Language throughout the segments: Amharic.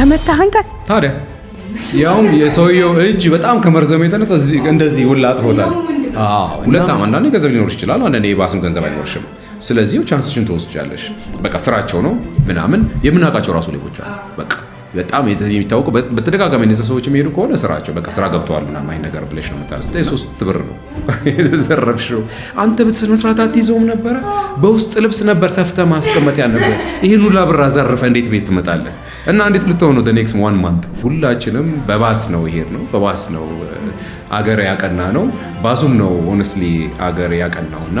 ተመታህ አንተ ታዲያ። ያውም የሰውየው እጅ በጣም ከመርዘሙ የተነሳ እንደዚህ ውላ አጥፎታል። ሁለት አንዳንዴ ገንዘብ ሊኖር ይችላል፣ አንዳንዴ የባስም ገንዘብ አይኖርሽም። ስለዚህ ቻንስሽን ትወስጃለሽ። በቃ ስራቸው ነው ምናምን የምናውቃቸው ራሱ ሌቦች አሉ በቃ በጣም የሚታወቁ በተደጋጋሚ እነዚያ ሰዎች የሚሄዱ ከሆነ ስራቸው በቃ ስራ ገብተዋል ገብተዋልና ማይን ነገር ብለሽ ነው ምታ ሶስት ብር ነው የተዘረፍሽው። አንተ በመስራት አትይዘውም ነበረ። በውስጥ ልብስ ነበር ሰፍተ ማስቀመጥ ያልነበረ። ይህን ሁላ ብር አዘርፈ እንዴት ቤት ትመጣለህ? እና እንዴት ልትሆኑ ነው? ኔክስት ዋን ማንት ሁላችንም በባስ ነው ይሄድ ነው፣ በባስ ነው አገር ያቀና ነው። ባሱም ነው ሆነስትሊ አገር ያቀናው እና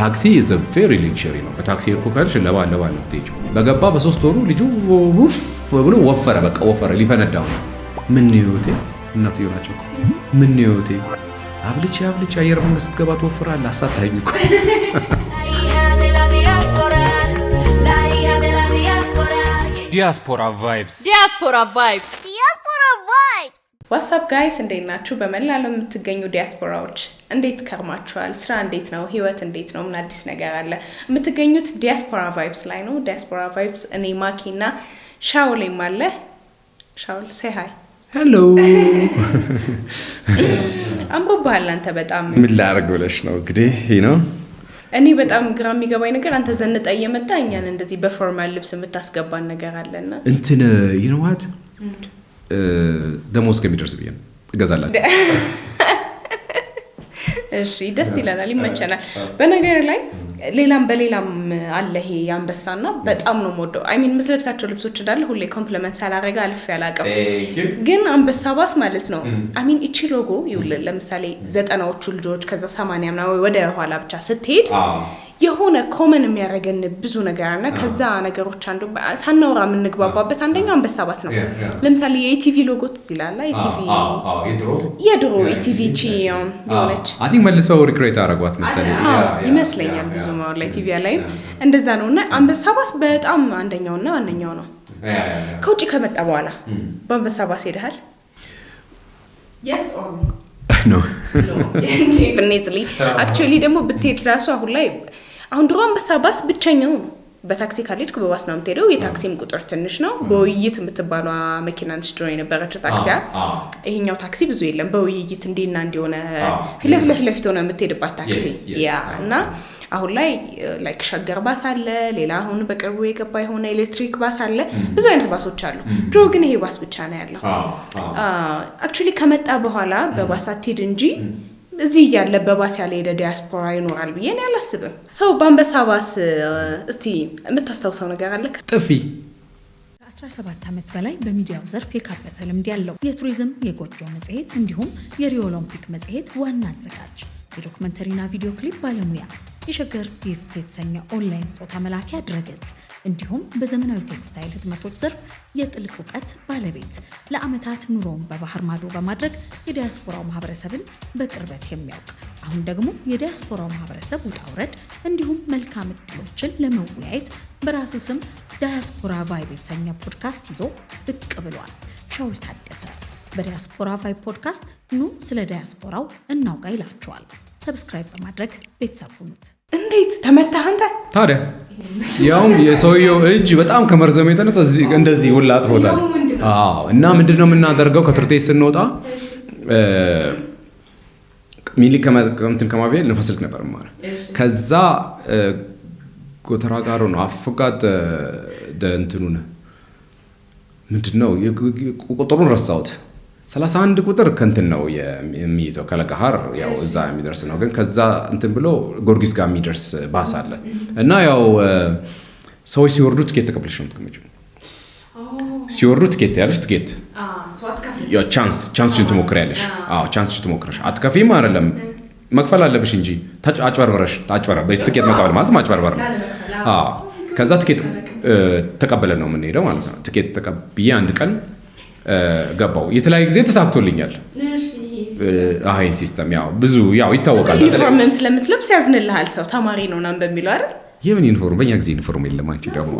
ታክሲ ዘ ቬሪ ሊክሸሪ ነው። በታክሲ ርኮ ከርሽ ለባለባ ነው የምትሄጂው። በገባ በሶስት ወሩ ልጁ ውፍ ብሎ ወፈረ፣ በቃ ወፈረ፣ ሊፈነዳው ነው። ምን ህይወቴ እናትዬው ናቸው። ምን ህይወቴ አብልቼ አብልቼ አየር መንገድ ስትገባ ትወፍራለህ። አሳታኝ እኮ ዲያስፖራ ቫይብስ ዲያስፖራ ቫይብስ ዲያስፖራ ቫይብስ ዋትሳፕ ጋይስ እንዴት ናችሁ? በመላ ዓለም የምትገኙ ዲያስፖራዎች እንዴት ከርማችኋል? ስራ እንዴት ነው? ህይወት እንዴት ነው? ምን አዲስ ነገር አለ? የምትገኙት ዲያስፖራ ቫይብስ ላይ ነው። ዲያስፖራ ቫይብስ እኔ ማኪ እና ሻውሌም አለ። ሻውል ሴይ ሀይ። ሄሎ አንብበሃል አንተ በጣም ምን ላደርግ ብለሽ ነው እንግዲህ ነው እኔ በጣም ግራ የሚገባኝ ነገር አንተ ዘንጣ እየመጣ እኛን እንደዚህ በፎርማል ልብስ የምታስገባን ነገር አለና እንትን ይንዋት uh, ደሞዝ እስከሚደርስ ብዬ ነው እገዛላችሁ። እሺ ደስ ይለናል፣ ይመቸናል። በነገር ላይ ሌላም በሌላም አለ ይሄ የአንበሳና በጣም ነው የምወደው። አይሚን የምትለብሳቸው ልብሶች እንዳለ ሁሌ ኮምፕሊመንት ሳላረገ አልፌ አላውቅም። ግን አንበሳ ባስ ማለት ነው mm. አሚን እቺ ሎጎ ይውል ለምሳሌ ዘጠናዎቹ ልጆች ከዛ ሰማንያ ምናምን ወደ ኋላ ብቻ ስትሄድ የሆነ ኮመን የሚያደርገን ብዙ ነገር አለ። ከዛ ነገሮች አንዱ ሳናወራ የምንግባባበት አንደኛው አንበሳ ባስ ነው። ለምሳሌ የኢቲቪ ሎጎ ትዝ የድሮ ኢቲቪ ቺ የሆነች መልሰው ሪክሬት አረጓት መሰለኝ ይመስለኛል። ብዙ ማወር ላይ ቲቪ ላይም እንደዛ ነው። እና አንበሳ ባስ በጣም እና ዋነኛው ነው። ከውጭ ከመጣ በኋላ hmm. በአንበሳ ባስ ሄደሃል? የስ ኖ? ዴፍኔትሊ። ደግሞ ብትሄድ ራሱ አሁን ላይ አሁን ድሮ አንበሳ ባስ ብቸኛው ነው። በታክሲ ካልሄድክ በባስ ነው የምትሄደው። የታክሲም ቁጥር ትንሽ ነው። በውይይት የምትባሏ መኪና ንሽ ድሮ የነበረችው ታክሲያ። ይሄኛው ታክሲ ብዙ የለም። በውይይት እንዲና እንዲሆነ ፊትለፊት ለፊት ሆነ የምትሄድባት ታክሲ ያ እና አሁን ላይ ላይክ ሸገር ባስ አለ። ሌላ አሁን በቅርቡ የገባ የሆነ ኤሌክትሪክ ባስ አለ። ብዙ አይነት ባሶች አሉ። ድሮ ግን ይሄ ባስ ብቻ ነው ያለው። አክቹዋሊ ከመጣ በኋላ በባስ አትሄድ እንጂ እዚህ እያለ በባስ ያለ ሄደ ዲያስፖራ ይኖራል ብዬ እኔ አላስብም። ሰው በአንበሳ ባስ እስቲ የምታስታውሰው ነገር አለ? ጥፊ ከ17 ዓመት በላይ በሚዲያው ዘርፍ የካበተ ልምድ ያለው የቱሪዝም የጎጆ መጽሔት እንዲሁም የሪዮ ኦሎምፒክ መጽሔት ዋና አዘጋጅ የዶክመንተሪና ቪዲዮ ክሊፕ ባለሙያ የሸገር ጊፍት የተሰኘ ኦንላይን ስጦታ መላኪያ ድረገጽ እንዲሁም በዘመናዊ ቴክስታይል ህትመቶች ዘርፍ የጥልቅ እውቀት ባለቤት ለአመታት ኑሮውን በባህር ማዶ በማድረግ የዲያስፖራው ማህበረሰብን በቅርበት የሚያውቅ አሁን ደግሞ የዲያስፖራው ማህበረሰብ ውጣ ውረድ እንዲሁም መልካም እድሎችን ለመወያየት በራሱ ስም ዳያስፖራ ቫይብ የተሰኘ ፖድካስት ይዞ ብቅ ብሏል። ሻውል ታደሰ በዲያስፖራ ቫይብ ፖድካስት ኑ ስለ ዳያስፖራው እናውጋ ይላችኋል። ሰብስክራይብ በማድረግ ቤተሰብ ሁኑት። እንዴት ተመታህ አንተ ታዲያ? ያውም የሰውየው እጅ በጣም ከመርዘም የተነሳ እንደዚህ ውላ አጥፎታል። እና ምንድን ነው የምናደርገው? ከትርቴ ስንወጣ ሚሊ ከምትን ከማብሄል ንፋስ ስልክ ነበር ማለ ከዛ ጎተራ ጋር ነው አፍጋት እንትኑን ምንድን ነው ቁጥሩን ረሳሁት። 31 ቁጥር ከእንትን ነው የሚይዘው ከለቀሃር ያው እዛ የሚደርስ ነው። ግን ከዛ እንትን ብሎ ጎርጊስ ጋር የሚደርስ ባስ አለ እና ያው ሰዎች ሲወርዱ ትኬት ተቀብለሽ ነው የምትቀመጪው። ሲወርዱ ትኬት ያለሽ ትኬት ቻንስ ቻንስሽን ትሞክሪያለሽ። አዎ ቻንስሽን ትሞክረሽ አትከፊም አይደለም መክፈል አለብሽ እንጂ አጭበርበረሽ ታጭበርበረሽ ትኬት መቀበል ማለት ማጭበርበር ነው። ከዛ ትኬት ተቀበለ ነው የምንሄደው ማለት ነው። ትኬት ተቀብዬ አንድ ቀን ገባው የተለያየ ጊዜ ተሳክቶልኛል። አይን ሲስተም ያው ብዙ ያው ይታወቃል። ዩኒፎርምም ስለምትለብስ ያዝንልሃል ሰው ተማሪ ነው ናም በሚለው አይደል? የምን ዩኒፎርም? በእኛ ጊዜ ዩኒፎርም የለም። አንቺ ደግሞ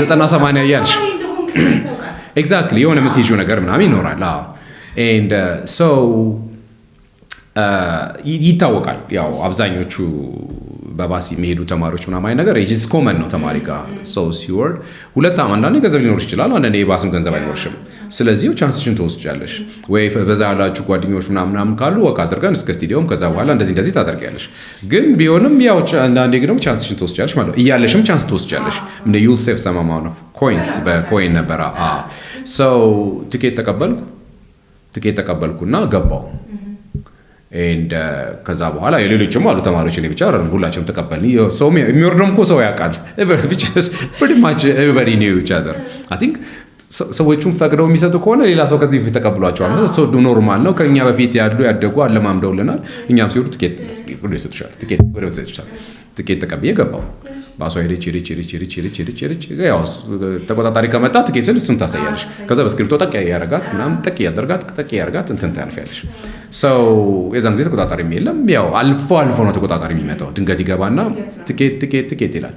ዘጠና ሰማንያ እያልሽ ኤግዛክትሊ የሆነ የምትይዙ ነገር ምናምን ይኖራል። ኤንድ ሰው ይታወቃል ያው አብዛኞቹ በባስ የሚሄዱ ተማሪዎች ምናምን አይነት ነገር ኢትስ ኮመን ነው። ተማሪ ጋር ሰው ሲወርድ ሁለት አንዳንዴ ገንዘብ ሊኖር ይችላል፣ አንዳንዴ የባስም ገንዘብ አይኖርሽም። ስለዚህ ቻንስሽን ትወስጃለሽ ወይ በዛ ያላችሁ ጓደኞች ምናምን ካሉ ወቅ አድርገን እስከ ስቴዲየም ከዛ በኋላ እንደዚህ እንደዚህ ታደርጊያለሽ። ግን ቢሆንም ያው አንዳንዴ ግን ደግሞ ትወስጃለሽ ማለት እያለሽም ቻንስ ትወስጃለሽ። እንደ ዩት ሴፍ ሰማማ ነው ኮይንስ በኮይን ነበረ ሰው ትኬት ተቀበልኩ ትኬት ተቀበልኩና ገባው Uh, ከዛ በኋላ የሌሎችም አሉ ተማሪዎች እኔ ብቻ ሁላቸውም ተቀበል ሰው የሚወርደውም እኮ ሰው ያውቃል ብድማች ኤቨሪ ኒው ቲንክ ፈቅደው የሚሰጡ ከሆነ ሌላ ሰው ከዚህ በፊት ተቀብሏቸዋል። ሰው ኖርማል ነው። ከእኛ በፊት ያሉ ያደጉ አለማምደውልናል። እኛም ሲወዱ ትኬት ይሰጡሻል፣ ትኬት ይሰጡሻል ትኬት ተቀብዬ ገባው። ባሷ ሄደች ሄደች ሄደች ሄደች ሄደች ሄደች ሄደች። ያው ተቆጣጣሪ ከመጣ ትኬት ስል እሱን ታሳያለሽ። ከዛ በእስክሪብቶ ጠቅ ያደርጋት ምናምን ጠቅ ያደርጋት ጠቅ ያደርጋት እንትን ታያልፊያለሽ። ሰው የዛን ጊዜ ተቆጣጣሪም የለም። ያው አልፎ አልፎ ነው ተቆጣጣሪ የሚመጣው። ድንገት ይገባና ትኬት ትኬት ትኬት ይላል።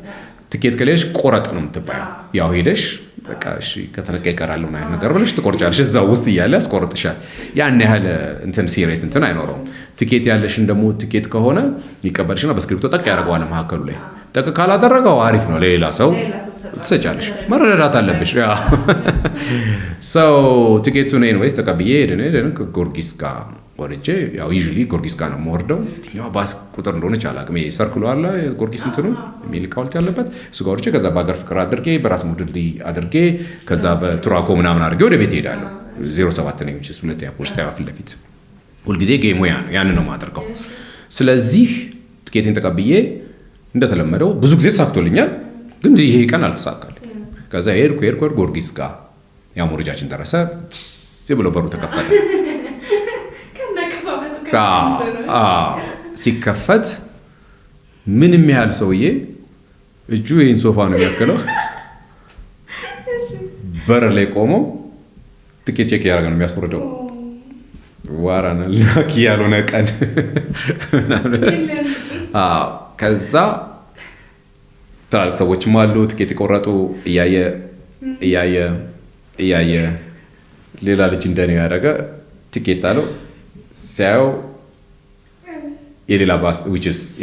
ትኬት ከሌለሽ ቆረጥ ነው የምትባየው። ያው ሄደሽ በቃ እሺ ከተነቀ ይቀራል ምናምን ነገር ብለሽ ትቆርጫለሽ። እዛ ውስጥ እያለ ያስቆርጥሻል። ያን ያህል እንትን ሲሪየስ እንትን አይኖረውም። ትኬት ያለሽን ደግሞ ትኬት ከሆነ ይቀበልሽና በስክሪፕቶ ጠቅ ያደርገዋል መካከሉ ላይ ጠቅ ካላደረገው አሪፍ ነው። ለሌላ ሰው ትሰጫለሽ። መረዳዳት አለብሽ። ሰው ትኬቱን ኤኒዌይስ ተቀብዬ ሄደን ሄደን ጊዮርጊስ ጋር ወርጄ ያው ዩዥዋሊ ጊዮርጊስ ጋር ነው የምወርደው። የትኛዋ ባስ ቁጥር እንደሆነች አላውቅም። ሰርክሉ አለ ጊዮርጊስ እንትኑ ሜሊካ ሐውልት ያለበት እሱ ጋር ወርጄ ከዛ በሀገር ፍቅር አድርጌ በራስ ሙድሪ አድርጌ ከዛ በቱራኮ ምናምን አድርጌ ወደ ቤት እሄዳለሁ። 07 ነው ነኝ ስ ሁለተኛ ፖሊስ ጣቢያ ፊት ለፊት ሁልጊዜ ጌሙ ያ ነው ያንን ነው የማደርገው። ስለዚህ ትኬቴን ተቀብዬ እንደተለመደው ብዙ ጊዜ ተሳክቶልኛል፣ ግን ይሄ ቀን አልተሳካልኝም። ከዛ ሄድኩ ሄድኩ ጊዮርጊስ ጋር ያ መውረጃችን ደረሰ ብሎ በሩ ተከፈተ። ሲከፈት ምንም ያህል ሰውዬ እጁ ይህን ሶፋ ነው የሚያክለው። በር ላይ ቆሞ ትኬት ቼክ እያደረገ ነው የሚያስወርደው። ዋራና ላኪ ያልሆነ ቀን ከዛ ትላልቅ ሰዎችም አሉ ትኬት የቆረጡ እያየ እያየ እያየ ሌላ ልጅ እንደኔ ያደረገ ትኬት አለው ሲያየው hmm. የሌላ ባስ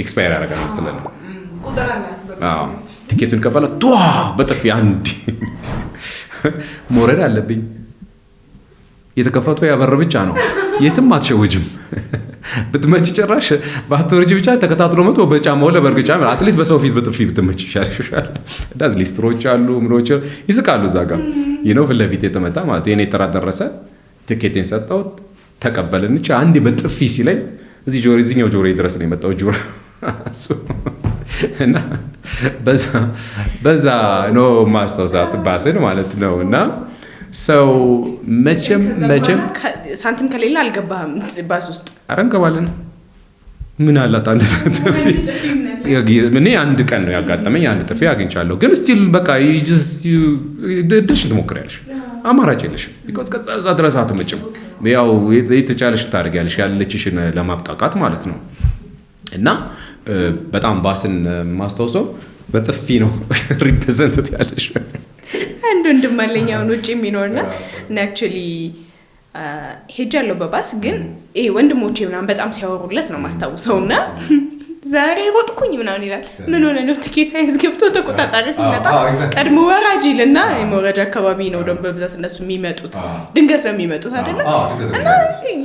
ኤክስፓየር ያደረገ ነው ስለነ ትኬቱን ቀበለ በጥፊ አንድ መውረድ አለብኝ። የተከፈቱ ያበር ብቻ ነው። የትም አትሸውጅም። ብትመች ጭራሽ በአትወርጅ ብቻ ተከታትሎ መቶ በጫማው ለበርግጫ አትሊስት በሰው ፊት በጥፊ ብትመች ይሻልሻል። ሊስትሮች አሉ ምሮች ይስቃሉ። እዛ ጋር ይነው hmm. ፊት ለፊት የተመታ ማለት የኔ ተራ ደረሰ። ትኬቴን ሰጠሁት። ተቀበልን። ቻ አንድ በጥፊ ሲለኝ እዚህ ጆሮ እዚኛው ጆሮ ድረስ ነው የመጣው ጆሮ እና በዛ ነው ማስታውሳት ባስን ማለት ነው እና ሰው መቼም መቼም ሳንቲም ከሌለ አልገባህም ባስ ውስጥ። ኧረ እንገባለን። ምን አላት አንድ ጥፊ። እኔ አንድ ቀን ነው ያጋጠመኝ፣ አንድ ጥፊ አግኝቻለሁ። ግን ስቲል በቃ ድልሽን ትሞክሪያለሽ፣ አማራጭ የለሽም። ቢኮዝ ከዛ ድረስ አትመጭም። ያው የተቻለሽን ታደርጊያለሽ ያለችሽን ለማብቃቃት ማለት ነው። እና በጣም ባስን ማስታውሰው በጥፊ ነው ሪፕሬዘንት ያለሽ። አንድ ወንድም አለኝ አሁን ውጭ የሚኖርና እና አክቹዋሊ ሄጃለሁ በባስ ግን ይሄ ወንድሞቼ ምናምን በጣም ሲያወሩለት ነው ማስታውሰው እና ዛሬ ሮጥኩኝ ምናምን ይላል። ምን ሆነ ነው? ትኬት ሳይዝ ገብቶ ተቆጣጣሪ ሲመጣ ቀድሞ ወራጅ እና የመውረድ አካባቢ ነው ደግሞ በብዛት እነሱ የሚመጡት ድንገት ነው የሚመጡት አይደለ? እና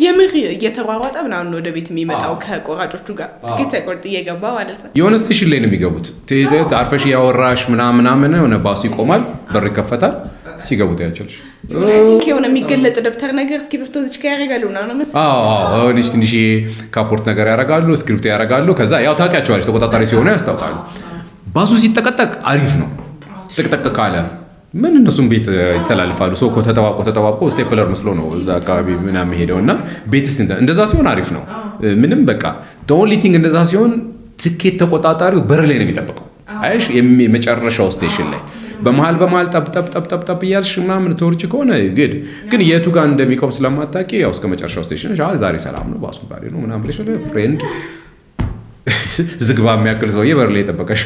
የምር እየተሯሯጠ ምናምን ወደ ቤት የሚመጣው ከቆራጮቹ ጋር ትኬት ሳይቆርጥ እየገባ ማለት ነው። የሆነ ስቴሽን ላይ ነው የሚገቡት። አርፈሽ ያወራሽ ምናምናምን ሆነ ባሱ ይቆማል፣ በር ይከፈታል ሲገቡ ታያቸዋለሽ። የሆነ የሚገለጥ ደብተር ነገር እስክሪብቶ እዚች ጋር ያደርጋሉ ሆነች ትንሽ ካፖርት ነገር ያደርጋሉ፣ እስክሪብቶ ያደርጋሉ። ከዛ ያው ታውቂያቸዋለሽ፣ ተቆጣጣሪ ሲሆኑ ያስታውቃሉ። ባሱ ሲጠቀጠቅ አሪፍ ነው። ጥቅጥቅ ካለ ምን እነሱም ቤት ይተላልፋሉ። ሰው እኮ ተጠባቆ ስቴፕለር መስሎ ነው እዛ አካባቢ ምናምን ሄደው እና ቤት እንደዛ ሲሆን አሪፍ ነው። ምንም በቃ ኦንሊ እንደዛ ሲሆን ትኬት ተቆጣጣሪው በር ላይ ነው የሚጠብቀው። አየሽ፣ የመጨረሻው ስቴሽን ላይ በመሀል በመሀል ጠብጠብጠብጠብጠብ እያልሽ ምናምን ትወርጭ ከሆነ ግድ ግን የቱ ጋር እንደሚቆም ስለማታውቂ ያው እስከ መጨረሻው ስቴሽን ዛሬ ሰላም ነው ባሱ ባሪ ነው ምናምን ብለሽ ፍሬንድ ዝግባ የሚያክል ሰውዬ በር ላይ የጠበቀሽ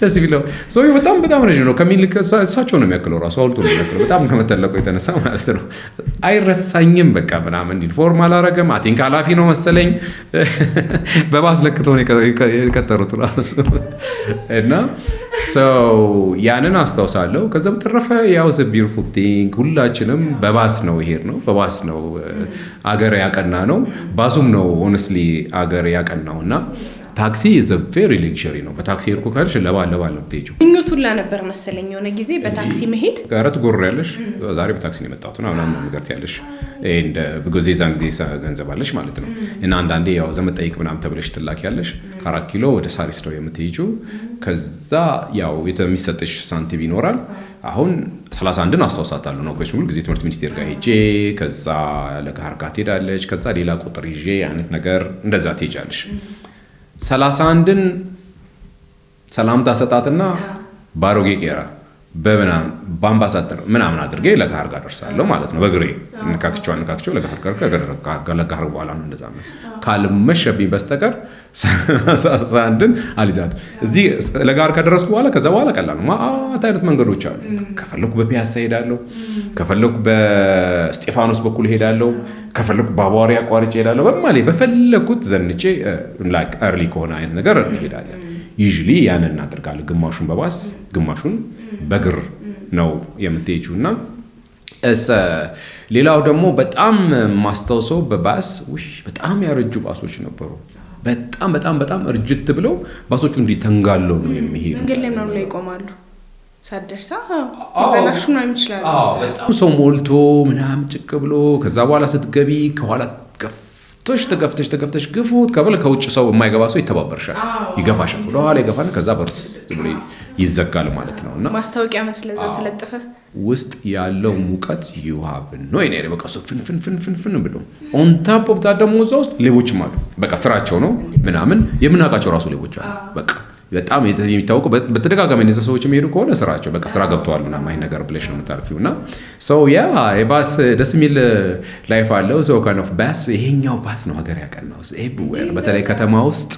ደስ ቢለው ሰውዬው በጣም በጣም ረዥም ነው ከሚል እሳቸው ነው የሚያክለው ራሱ አውልቶ ነው የሚያክለው በጣም ከመተለቁ የተነሳ ማለት ነው። አይረሳኝም በቃ ምናምን ኢንፎርም አላረገም። አቲንክ ኃላፊ ነው መሰለኝ በባስ ለክተው የቀጠሩት ራሱ እና ያንን አስታውሳለሁ። ከዛ በተረፈ ያው ዘ ቲንግ ሁላችንም በባስ ነው ይሄድ ነው፣ በባስ ነው አገር ያቀና ነው። ባሱም ነው ሆነስትሊ አገር ያቀናው እና ታክሲ ዘ አ ቬሪ ሌክዠሪ ነው። በታክሲ ሄድኩ ካልሽ ለባ ለባ ነው የምትሄጂው። ምኞቱ ሁላ ነበር መሰለኝ የሆነ ጊዜ በታክሲ መሄድ ቀረት ጎሮ ያለሽ ዛሬ በታክሲ ነው የመጣሁት ነው ምናምን ነገር ያለሽ ብጎዜ ዛን ጊዜ ገንዘብ አለሽ ማለት ነው። እና አንዳንዴ ያው ዘመድ ጠይቅ ምናምን ተብለሽ ትላክ ያለሽ ከአራት ኪሎ ወደ ሳሪስ ነው የምትሄጂው። ከዛ ያው የሚሰጥሽ ሳንቲም ይኖራል። አሁን 31ን አስታውሳታለሁ ነው ሙሉ ጊዜ ትምህርት ሚኒስቴር ጋር ሄጄ ከዛ ለጋር ጋር ትሄዳለች። ከዛ ሌላ ቁጥር ይዤ አይነት ነገር እንደዛ ትሄጃለሽ ሰላሳ አንድን ሰላምታ ሰጣትና ባሮጌ ቄራ በአምባሳደር ምናምን አድርጌ ለጋር ጋር ደርሳለሁ ማለት ነው። በግሬ ንካክቸው ንካክቸው ለጋር ጋር ለጋር በኋላ ነው እንደዛ ነው። ካልመሸብኝ በስተቀር ሳንድን አልይዛት እዚህ ለጋህር ከደረስኩ በኋላ ከዛ በኋላ ቀላል ነው። ማአት አይነት መንገዶች አሉ። ከፈለኩ በፒያሳ ሄዳለሁ፣ ከፈለኩ በስጢፋኖስ በኩል ሄዳለሁ፣ ከፈለኩ በአቧሪ አቋርጭ ሄዳለሁ። በማሌ በፈለኩት ዘንጬ ላይክ ኤርሊ ከሆነ አይነት ነገር እንሄዳለን። ዩዥሊ ያንን እናደርጋለን። ግማሹን በባስ ግማሹን በግር ነው የምትሄጂው እና ሌላው ደግሞ በጣም ማስታውሰው በባስ ውሽ በጣም ያረጁ ባሶች ነበሩ። በጣም በጣም በጣም እርጅት ብለው ባሶቹ እንዲህ ተንጋለው ነው የሚሄዱ። መንገድ ላይ ምናምን ላይ ይቆማሉ። ሳደርሳ ይበላሹ ነው ይችላሉ። በጣም ሰው ሞልቶ ምናምን ጭቅ ብሎ ከዛ በኋላ ስትገቢ ከኋላ ገፍቶች ተገፍተሽ ተገፍተሽ ግፉት ከበል ከውጭ ሰው የማይገባ ሰው ይተባበርሻል፣ ይገፋሻል፣ ወደኋላ ይገፋል። ከዛ በርት ብሎ ይዘጋል ማለት ነው እና ማስታወቂያ መስለ ተለጠፈ ውስጥ ያለው ሙቀት ዩሃብ ነው ኔ በቃ እሱ ፍንፍንፍንፍን ብሎ ኦን ታፕ ኦፍ ዛት ደግሞ እዛ ውስጥ ሌቦችም አሉ። በቃ ስራቸው ነው ምናምን የምናውቃቸው ራሱ ሌቦች አሉ በቃ በጣም የሚታወቁ በተደጋጋሚ እነዚያ ሰዎች የሚሄዱ ከሆነ ስራቸው በቃ ስራ ገብተዋል ና አይነት ነገር ብለሽ ነው የምታልፊው። እና ሰው ያ የባስ ደስ የሚል ላይፍ አለው። ሰው ካን ኦፍ ባስ ይሄኛው ባስ ነው ሀገር ያቀናው ኤቭሪዌር፣ በተለይ ከተማ ውስጥ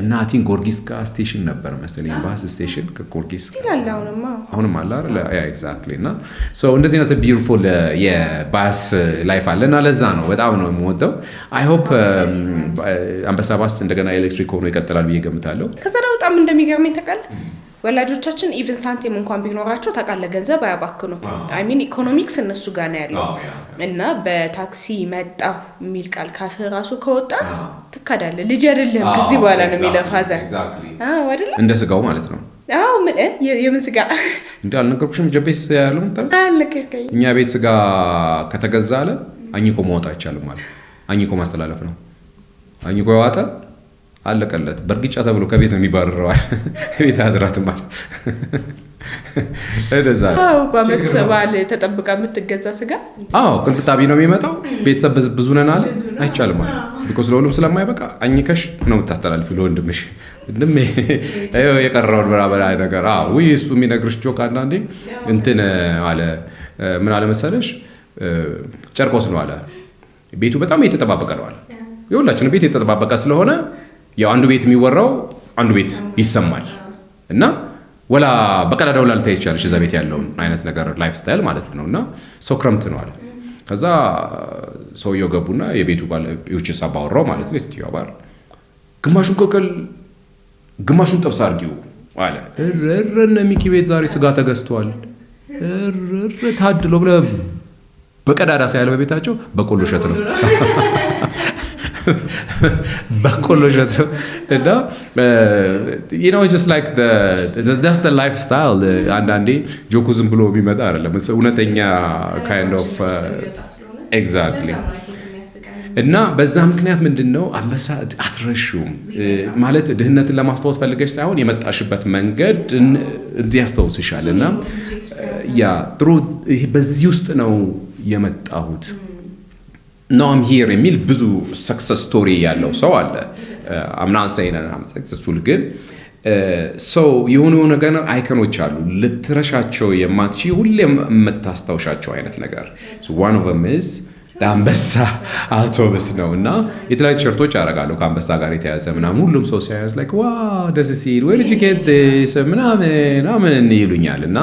እና ቲን ጎርጊስ ጋ ስቴሽን ነበር መሰለኝ ባስ ስቴሽን ከጊዮርጊስ አሁንም አለ ኤግዛክትሊ። እና ሰው እንደዚህ ነው ቢዩቲፉል የባስ ላይፍ አለ እና ለዛ ነው በጣም ነው የምወደው። አይ ሆፕ አንበሳ ባስ እንደገና ኤሌክትሪክ ሆኖ ይቀጥላል ብዬ ገምታለሁ። ነው በጣም እንደሚገርመኝ ተቃለ ወላጆቻችን ኢቨን ሳንቲም እንኳን ቢኖራቸው ታውቃለህ ገንዘብ አያባክኑ። ሚን ኢኮኖሚክስ እነሱ ጋር ነው ያለው እና በታክሲ መጣ የሚል ቃል ካፍ ራሱ ከወጣ ትካዳለ ልጅ አይደለም ከዚህ በኋላ ነው የሚለው ፋዘር አይደለ? እንደ ስጋው ማለት ነው። አዎ የምን ስጋ እንዲ አልነገርኩሽም? ጀቤት ያለው እኛ ቤት ስጋ ከተገዛ አለ አኝኮ መወጣ አይቻልም ማለት አኝኮ ማስተላለፍ ነው። አኝኮ የዋጠ አለቀለት። በእርግጫ ተብሎ ከቤት ነው የሚባረረዋል። ቤት አያድራትም ማለት እንደዛ ነው። በዓል ተጠብቃ የምትገዛ ስጋ አዎ፣ ቅንጥጣቢ ነው የሚመጣው። ቤተሰብ ብዙ ነን አለ አይቻልም አለ ቢኮስ ለሁሉም ስለማይበቃ አኝከሽ ነው የምታስተላልፊ ለወንድምሽ እንድም የቀረውን ምናምን ነገር ውይ እሱ የሚነግርሽ ጆክ አንዳንዴ እንትን አለ ምን አለመሰለሽ ጨርቆስ ነው አለ ቤቱ በጣም የተጠባበቀ ነው አለ የሁላችንም ቤት የተጠባበቀ ስለሆነ ያው አንዱ ቤት የሚወራው አንዱ ቤት ይሰማል እና ወላ በቀዳዳው ላልታ ይቻለሽ እዛ ቤት ያለውን አይነት ነገር ላይፍ ስታይል ማለት ነው። እና ሰው ክረምት ነው አለ። ከዛ ሰውየው ገቡና የቤቱ ውጭስ አባወራው ማለት ነው የስትዮ አባል ግማሹን ቆቀል ግማሹን ጠብስ አድርጊው አለ። እረረ ሚኪ ቤት ዛሬ ስጋ ተገዝቷል። እረረ ታድሎ ብለ በቀዳዳ ሳያለ በቤታቸው በቆሎ እሸት ነው በቆሎ እሸት ነው እና ስ ላይፍ ስታይል አንዳንዴ ጆኩ ዝም ብሎ የሚመጣ አይደለም። እውነተኛ ካይንድ ኦፍ ኤግዛክትሊ እና በዛ ምክንያት ምንድን ነው አንበሳ አትረሹም ማለት ድህነትን ለማስታወስ ፈልገሽ ሳይሆን የመጣሽበት መንገድ ያስታውስሻል። እና ያ ጥሩ በዚህ ውስጥ ነው የመጣሁት ናም ሂር የሚል ብዙ ሰክሰስ ስቶሪ ያለው ሰው አለ። አምናን uh, ግን ሰው uh, የሆኑ የሆነ ነገር አይከኖች አሉ ልትረሻቸው የማትች ሁሌ የምታስታውሻቸው አይነት ነገር ዋን ኦፍ ም ኢዝ ለአንበሳ አውቶብስ ነው እና የተለያዩ ቲሸርቶች ያደርጋሉ ከአንበሳ ጋር የተያዘ ምናምን። ሁሉም ሰው ሲያያዝ ላይ ዋ ደስ ሲል ወይ ልጅኬት ምናምን ምናምን ይሉኛል እና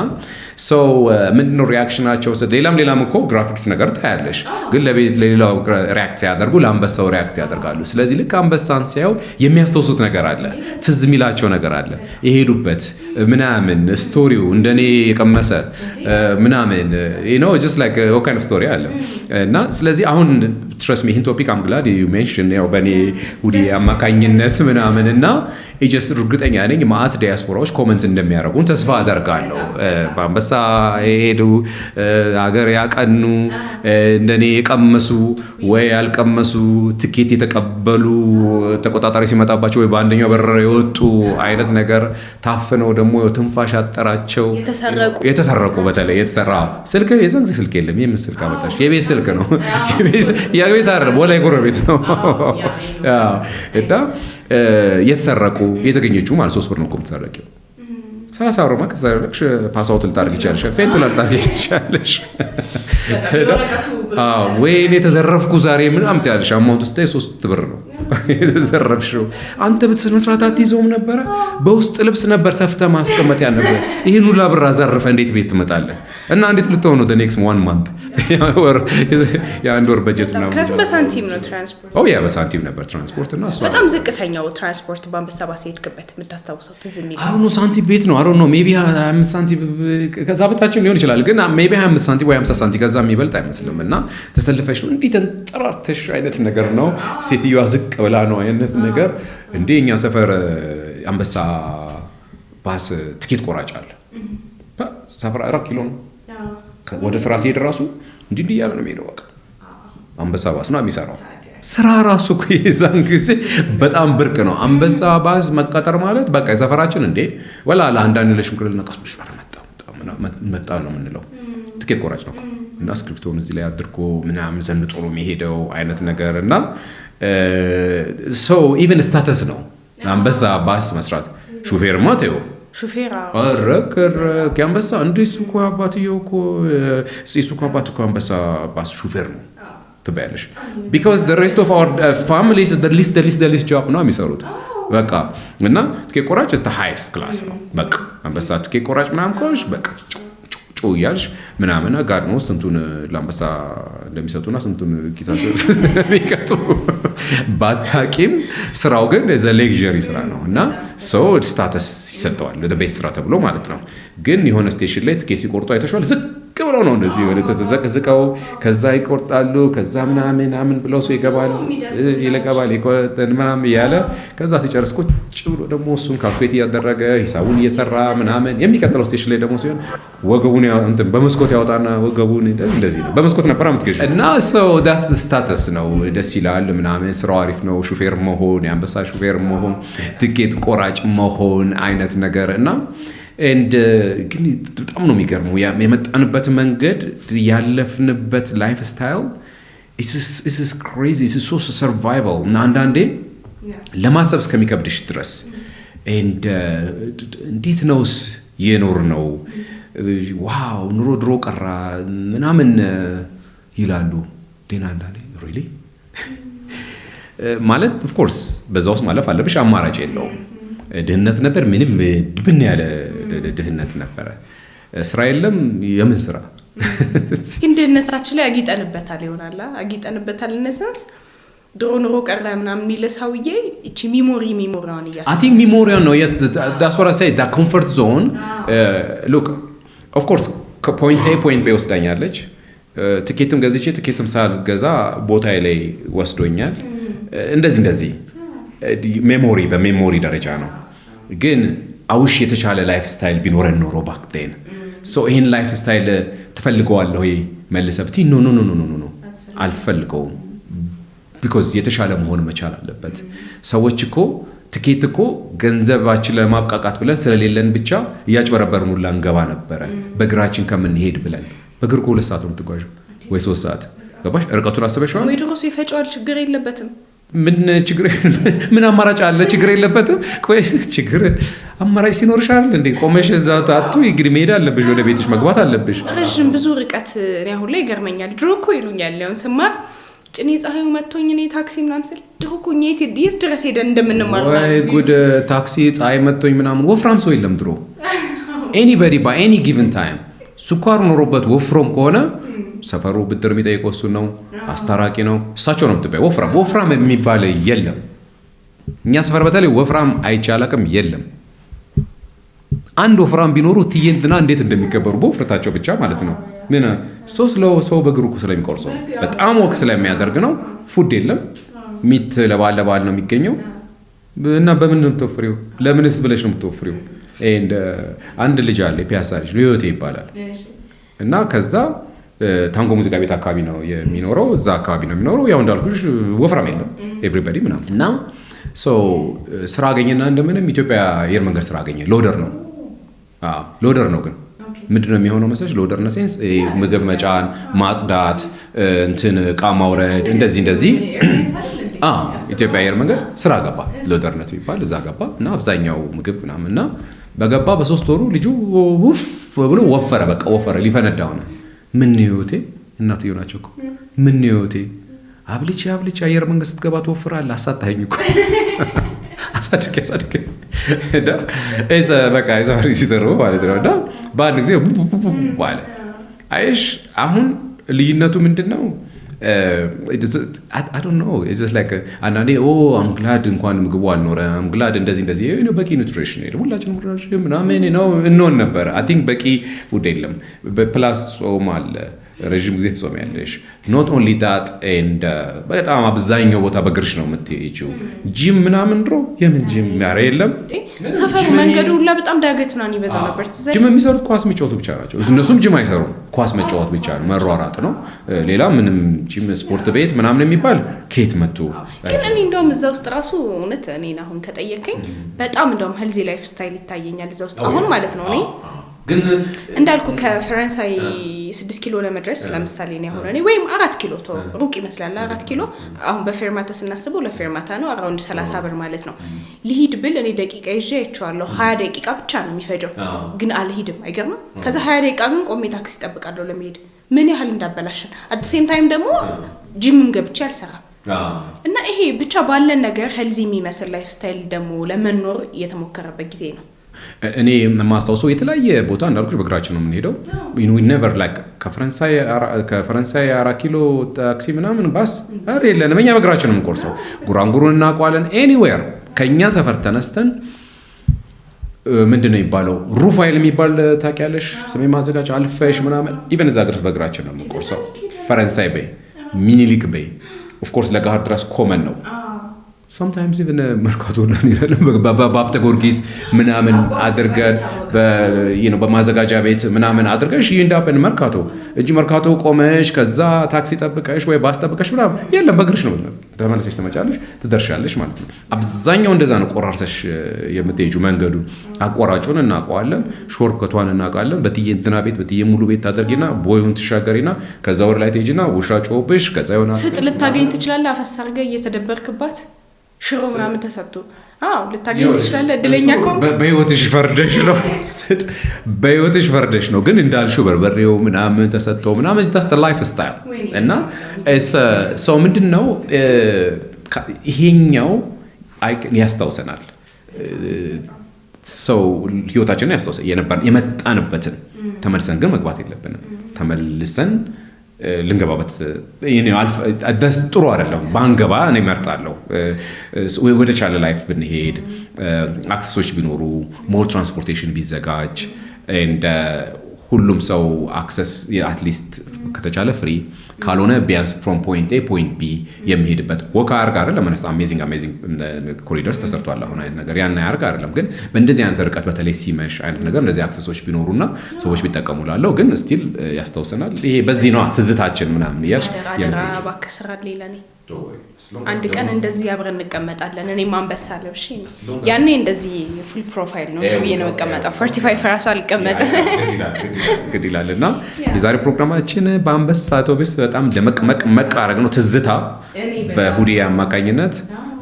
ሰው uh, ምንድነው ሪያክሽናቸው? ሌላም ሌላም እኮ ግራፊክስ ነገር ታያለሽ፣ ግን ለሌላው ሪያክት ሲያደርጉ ለአንበሳው ሪያክት ያደርጋሉ። ስለዚህ ልክ አንበሳን ሲያዩ የሚያስተውሱት ነገር አለ፣ ትዝ የሚላቸው ነገር አለ፣ የሄዱበት ምናምን ስቶሪው እንደኔ የቀመሰ uh, ምናምን ስ ስቶሪ uh, አለ እና ስለዚህ አሁን ትረስ ይህን ቶፒክ አምግላድ ዩ ሜንሽን ው በእኔ ውዲ አማካኝነት ምናምን እና ጀስት እርግጠኛ ነኝ ማአት ዲያስፖራዎች ኮመንት እንደሚያደርጉን ተስፋ አደርጋለሁ። በአንበሳ የሄዱ ሀገር ያቀኑ እንደኔ የቀመሱ ወይ ያልቀመሱ ትኬት የተቀበሉ ተቆጣጣሪ ሲመጣባቸው ወይ በአንደኛው በረራ የወጡ አይነት ነገር ታፍነው ደግሞ ትንፋሽ አጠራቸው የተሰረቁ በተለይ የተሰራ ስልክ የዛን ስልክ የለም። የምን ስልክ አመጣሽ? የቤት ስልክ ነው ያ ቤት ወላይ ጎረቤት ነው እና የተሰረቁ የተገኘች ማለት ሶስት ብር ነው እኮ የምትሰረቂው። ሰላሳ ብር ማ ከተሰረቅሽ ፓስዋው ትልጣርግ ይቻለሽ፣ ፌንቱ ላልጣርግ ይቻለሽ። ወይኔ የተዘረፍኩ ዛሬ ምናምን ትያለሽ። አማውንቱ ስታይ ሶስት ብር ነው የተዘረፍሽው። አንተ በስነ ስርዓት አትይዘውም ነበረ። በውስጥ ልብስ ነበር ሰፍተ ማስቀመጥ ያነበ። ይህን ሁላ ብር አዘርፈህ እንዴት ቤት ትመጣለህ? እና እንዴት ልትሆን ነው ኔክስት ዋን ማንት የአንድ ወር በጀት ነው። በሳንቲም ነው ትራንስፖርት። ያ በሳንቲም ነበር ትራንስፖርት እና በጣም ዝቅተኛው ትራንስፖርት በአንበሳ ባስ ሄድክበት የምታስታውሰው ትዝ የሚል አሁኑ ሳንቲም ቤት ነው። አሮ ነው ሜይ ቢ አምስት ሳንቲም ከዛ በታችን ሊሆን ይችላል፣ ግን ቢ ሀያ አምስት ሳንቲም ወይ ሀምሳ ሳንቲም ከዛ የሚበልጥ አይመስልም። እና ተሰልፈሽ ነው እንዲህ ተንጠራርተሽ አይነት ነገር ነው። ሴትዮዋ ዝቅ ብላ ነው አይነት ነገር እንዴ። እኛ ሰፈር አንበሳ ባስ ትኬት ቆራጭ አለ። ሰፈር አራት ኪሎ ነው ወደ ስራ ሲሄድ ራሱ እንዲህ እንዲህ እያለ ነው የሚሄደው። በቃ አንበሳ ባስ ነው የሚሰራው ስራ ራሱ እኮ የዛን ጊዜ በጣም ብርቅ ነው። አንበሳ ባዝ መቀጠር ማለት በቃ የሰፈራችን እንዴ ወላ ለአንዳንድ ለሽምክርልና ቀስ ብሎ መጣ ነው የምንለው። ትኬት ቆራጭ ነው እና ስክሪፕቶን እዚህ ላይ አድርጎ ምናምን ዘንጦ ነው የሚሄደው አይነት ነገር እና ሰው ኢቨን ስታተስ ነው አንበሳ ባስ መስራት ሹፌርማ ተይው ሹፌራ ኧረ ከረክ አንበሳ እንደ ሱኮ እኮ አባትየው እኮ እሱ አባት እኮ አንበሳ ባስ ሹፌር ነው ትበያለሽ። ቢካዝ ዘ ሬስት ኦፍ አወር ፋሚሊ ኢዝ ዘ ዘ ሊስት ሊስት ዘ ሊስት ጃብ ነው የሚሰሩት በቃ እና ትኬት ቆራጭ ስተ ሃይስት ክላስ ነው በቃ አንበሳ ትኬት ቆራጭ ምናምን ከሆንሽ በቃ ጩ እያልሽ ምናምን ጋድ ነው ስንቱን ለአንበሳ እንደሚሰጡና ስንቱን ቂታቸው እንደሚቀጡ ባታቂም ስራው ግን ዘ ሌክዠሪ ስራ ነው እና ሰው ስታተስ ይሰጠዋል ቤት ስራ ተብሎ ማለት ነው። ግን የሆነ ስቴሽን ላይ ትኬት ሲቆርጡ አይተሸዋል ዝቅ ዝቅ ብለው ነው እንደዚህ ወደ ተዘቅዝቀው ከዛ ይቆርጣሉ፣ ከዛ ምናምን ምናምን ብለው ሰው ይገባል ይለቀባል ምናምን እያለ ከዛ ሲጨርስ ቁጭ ብሎ ደግሞ እሱን ካልኩሌት እያደረገ ሂሳቡን እየሰራ ምናምን የሚቀጥለው ስቴሽን ላይ ደግሞ ሲሆን ወገቡን እንትን በመስኮት ያወጣና ወገቡን እንደዚህ እንደዚህ ነው። በመስኮት ነበር ምትገ እና ሰው ዳስ ስታተስ ነው። ደስ ይላል ምናምን ስራው አሪፍ ነው። ሹፌር መሆን የአንበሳ ሹፌር መሆን ትኬት ቆራጭ መሆን አይነት ነገር እና Uh, ግን በጣም ነው የሚገርመው የመጣንበት መንገድ ያለፍንበት ላይፍ ስታይል ኢስ ክሬዚ ሶ ሰርቫይቫል እና አንዳንዴ ለማሰብ እስከሚከብድሽ ድረስ uh, እንዴት ነውስ የኖር ነው ዋው ኑሮ ድሮ ቀራ ምናምን uh, ይላሉ። ዴና እንዳ ማለት ኦፍኮርስ በዛ ውስጥ ማለፍ አለብሽ፣ አማራጭ የለውም። ድህነት ነበር። ምንም ድብን ያለ ድህነት ነበረ። ስራ የለም። የምን ስራ ግን ድህነታችን ላይ አጊጠንበታል ይሆናል አጊጠንበታል ነሰንስ ድሮ ኑሮ ቀረ ምናምን የሚለ ሰውዬ እቺ ሚሞሪ ሚሞሪያን እያ አይ ቲንክ ሚሞሪዋን ነው የስ ዳስ ሳይ ዳ ኮንፈርት ዞን ሉክ ኦፍኮርስ ኮርስ ከፖይንት ኤ ፖይንት ቤ ወስዳኛለች። uh, ትኬትም ገዝቼ ትኬትም ሳልገዛ ቦታ ላይ ወስዶኛል። uh, እንደዚህ እንደዚህ ሜሞሪ uh, በሜሞሪ ደረጃ ነው ግን አውሽ የተቻለ ላይፍ ስታይል ቢኖረን ኖሮ ባክቴን ሶ ይህን ላይፍ ስታይል ትፈልገዋለሁ ወይ መልሰ ብቲ ኖ ኖ ኖ አልፈልገውም። ቢኮዝ የተሻለ መሆን መቻል አለበት። ሰዎች እኮ ትኬት እኮ ገንዘባችን ለማብቃቃት ብለን ስለሌለን ብቻ እያጭበረበርን ሁላ እንገባ ነበረ በእግራችን ከምንሄድ ብለን። በእግር እኮ ሁለት ሰዓት ነው የምትጓዥ ወይ ሶስት ሰዓት ገባሽ? ርቀቱን አስበሽ ወይ? ድሮስ የፈጨዋል ችግር የለበትም ምን ችግር ምን አማራጭ አለ? ችግር የለበትም። ችግር አማራጭ ሲኖርሽ አይደል እንዴ ቆመሽ እዛ ታቱ እንግዲህ መሄድ አለብሽ፣ ወደ ቤትሽ መግባት አለብሽ። ረዥም ብዙ ርቀት እኔ አሁን ላይ ይገርመኛል። ድሮ እኮ ይሉኛል ያውን ስማር ጭኔ ፀሐዩ መቶኝ እኔ ታክሲ ምናምን ስል ድሮ እኮ እኛ የት ድረስ ሄደን እንደምንማር ጉድ። ታክሲ ፀሐይ መቶኝ ምናምን ወፍራም ሰው የለም ድሮ ኤኒበዲ ባይ ኤኒ ጊቭን ታይም ስኳር ኖሮበት ወፍሮም ከሆነ ሰፈሩ ብድር የሚጠይቀው እሱን ነው። አስታራቂ ነው። እሳቸው ነው የምትባይ። ወፍራም ወፍራም የሚባል የለም። እኛ ሰፈር በተለይ ወፍራም አይቻላቅም የለም። አንድ ወፍራም ቢኖሩ ትይንትና እንዴት እንደሚከበሩ በውፍረታቸው ብቻ ማለት ነው። ምን ሰው ስለ ሰው በእግሩ ስለሚቆርሶ ነው። በጣም ወቅ ስለሚያደርግ ነው። ፉድ የለም። ሚት ለባል ለባል ነው የሚገኘው። እና በምን ነው የምትወፍሪው? ለምንስ ብለሽ ነው የምትወፍሪው? አንድ ልጅ አለ፣ የፒያሳ ልጅ ነው፣ ህይወቴ ይባላል እና ከዛ ታንጎ ሙዚቃ ቤት አካባቢ ነው የሚኖረው። እዛ አካባቢ ነው የሚኖረው። ያው እንዳልኩሽ ወፍራም የለም ኤቭሪባዲ ምናምን እና ስራ አገኘና እንደምንም ኢትዮጵያ አየር መንገድ ስራ አገኘ። ሎደር ነው ሎደር ነው ግን ምንድን ነው የሚሆነው መሰለሽ? ሎደር ነ ሴንስ ምግብ መጫን፣ ማጽዳት፣ እንትን እቃ ማውረድ እንደዚህ እንደዚህ ኢትዮጵያ አየር መንገድ ስራ ገባ። ሎደርነት የሚባል እዛ ገባ እና አብዛኛው ምግብ ምናምን እና በገባ በሶስት ወሩ ልጁ ውፍ ብሎ ወፈረ። በቃ ወፈረ፣ ሊፈነዳ ሆነ። ምን ህይወቴ እናትዬ ናቸው እኮ ምን ህይወቴ አብልቼ አብልቼ አየር መንገድ ስትገባ ትወፍራለህ። አሳታኝ እኮ አሳድጌ አሳድጌ በቃ የዛሬ ሲተርቦ ማለት ነው። እና በአንድ ጊዜ አይሽ አሁን ልዩነቱ ምንድን ነው? አይ ዶንት ኖ ጀስት ላይክ አንዳንዴ ኦ አም ግላድ እንኳን ምግቡ አልኖረ አም ግላድ እንደዚህ እንደዚህ በቂ የለም ሁላችንም ምናምን ነው እንሆን ነበር። አይ ቲንክ በቂ ውድ የለም። ፕላስ ጾም አለ ረዥም ጊዜ ትጾሚያለሽ። ኖት ኦንሊ ዳት ኤንድ በጣም አብዛኛው ቦታ በእግርሽ ነው የምትሄጂው። ጂም ምናምን ድሮ የምን ጂም ያረ የለም ሰፈሩ መንገዱ ሁላ በጣም ዳገት ምናምን ይበዛ ነበር። ጂም የሚሰሩት ኳስ መጫወቱ ብቻ ናቸው። እነሱም ጂም አይሰሩም፣ ኳስ መጫወት ብቻ ነው፣ መሯራጥ ነው። ሌላ ምንም ጂም ስፖርት ቤት ምናምን የሚባል ኬት መጥቶ ግን እኔ እንደውም እዛ ውስጥ ራሱ እውነት እኔን አሁን ከጠየቀኝ በጣም እንደውም ሄልዚ ላይፍ ስታይል ይታየኛል እዛ ውስጥ አሁን ማለት ነው እኔ ግን እንዳልኩ ከፈረንሳይ ስድስት ኪሎ ለመድረስ ለምሳሌ ነው የሆነ ወይም አራት ኪሎ ተው ሩቅ ይመስላል። አራት ኪሎ አሁን በፌርማታ ስናስበው ለፌርማታ ነው አራውንድ ሰላሳ ብር ማለት ነው። ሊሂድ ብል እኔ ደቂቃ ይዤ አይቼዋለሁ። ሀያ ደቂቃ ብቻ ነው የሚፈጀው፣ ግን አልሂድም። አይገርምም? ከዛ ሀያ ደቂቃ ግን ቆሜ ታክሲ ይጠብቃለሁ ለመሄድ። ምን ያህል እንዳበላሸን። አትሴም ታይም ደግሞ ጂምም ገብቼ አልሰራም እና ይሄ ብቻ ባለን ነገር ህልዚ የሚመስል ላይፍ ስታይል ደግሞ ለመኖር እየተሞከረበት ጊዜ ነው። እኔ የማስታውሰው የተለያየ ቦታ እንዳልኩሽ በእግራችን ነው የምንሄደው። ኔቨር ላይክ ከፈረንሳይ አራት ኪሎ ታክሲ ምናምን ባስ ር የለንም። እኛ በእግራችን ነው የምንቆርሰው። ጉራንጉሩን እናውቀዋለን። ኤኒዌር ከእኛ ሰፈር ተነስተን ምንድን ነው የሚባለው ሩፋይል የሚባል ታውቂያለሽ? ስሜ ማዘጋጅ አልፈሽ ምናምን ኢቨን እዛ ድረስ በእግራችን ነው የምንቆርሰው። ፈረንሳይ በይ ሚኒሊክ በይ ኦፍኮርስ ለጋር ድረስ ኮመን ነው ሶምታይምስ ኢቭን uh, መርካቶ በአብተ ጎርጊስ ምናምን አድርገን በማዘጋጃ ቤት ምናምን አድርገሽ ይህ እንዳበን መርካቶ እጅ መርካቶ ቆመሽ ከዛ ታክሲ ጠብቀሽ ወይ ባስ ጠብቀሽ ምናምን የለም በእግርሽ ነው ተመለሰሽ ትመጫለሽ ትደርሻለሽ ማለት ነው። አብዛኛው እንደዛ ነው። ቆራርሰሽ የምትሄጁ መንገዱ አቋራጩን እናውቀዋለን፣ ሾርክቷን እናውቃለን። በትዬ እንትና ቤት በትዬ ሙሉ ቤት ታደርጊና ቦዩን ትሻገሪና ከዛ ወደ ላይ ትሄጂና ውሻ ጮብሽ ከዛ ይሆናል ስጥ ልታገኝ ትችላለህ። አፈሳርገ አድርገህ እየተደበርክባት ሽሮ ምናምን ተሰጥቶ ልታገኝ ትችላለ። እድለኛ በህይወትሽ ፈርደሽ ነው በህይወትሽ ፈርደሽ ነው። ግን እንዳልሽው በርበሬው ምናምን ተሰጥቶ ምናምን ታስ ላይፍ ስታይል እና ሰው ምንድን ነው ይሄኛው ያስታውሰናል። ሰው uh, ህይወታችንን ያስታውሰ የመጣንበትን ተመልሰን ግን መግባት የለብንም ተመልሰን ልንገባበት ጥሩ አይደለም። ባንገባ እኔ እመርጣለሁ ወደ ቻለ ላይፍ ብንሄድ፣ አክሰሶች ቢኖሩ፣ ሞር ትራንስፖርቴሽን ቢዘጋጅ፣ ሁሉም ሰው አክሰስ አትሊስት ከተቻለ ፍሪ ካልሆነ ቢያንስ ፍሮም ፖይንት ኤ ፖይንት ቢ የሚሄድበት ወካ አርግ አይደለም ነስ አሜዚንግ አሜዚንግ ኮሪደርስ ተሰርቷል። አሁን አይነት ነገር ያን ያርግ አይደለም፣ ግን በእንደዚህ አይነት ርቀት በተለይ ሲመሽ አይነት ነገር እንደዚህ አክሰሶች ቢኖሩና ሰዎች ቢጠቀሙ ላለው ግን ስቲል uh, ያስታውሰናል። ይሄ በዚህ ነዋ ትዝታችን ምናምን እያልሽ ሌለኔ አንድ ቀን እንደዚህ አብረን እንቀመጣለን። እኔ ማንበሳ ለብሽ ያኔ እንደዚህ ፉል ፕሮፋይል ነው ብዬ ነው መቀመጠው። ፎርቲ ፋይቭ ራሱ አልቀመጥም ግድ ይላል። እና የዛሬ ፕሮግራማችን በአንበሳ አውቶቡስ በጣም ደመቅመቅ መቅ አረግ ነው ትዝታ በሁዴ አማካኝነት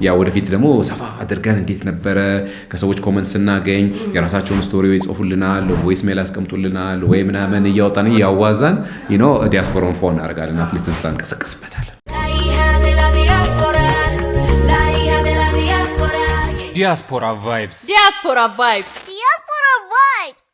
ያ ወደፊት ደግሞ ሰፋ አድርገን እንዴት ነበረ ከሰዎች ኮመንት ስናገኝ የራሳቸውን ስቶሪ ይጽፉልናል፣ ቮይስ ሜል ያስቀምጡልናል ወይ ምናምን እያወጣን እያዋዛን ዲያስፖራውን ፎን እናደርጋለን። አትሊስት ትዝታ እንቀሰቀስበታለን። Диаспора Vibes. Диаспора Vibes. Диаспора Vibes.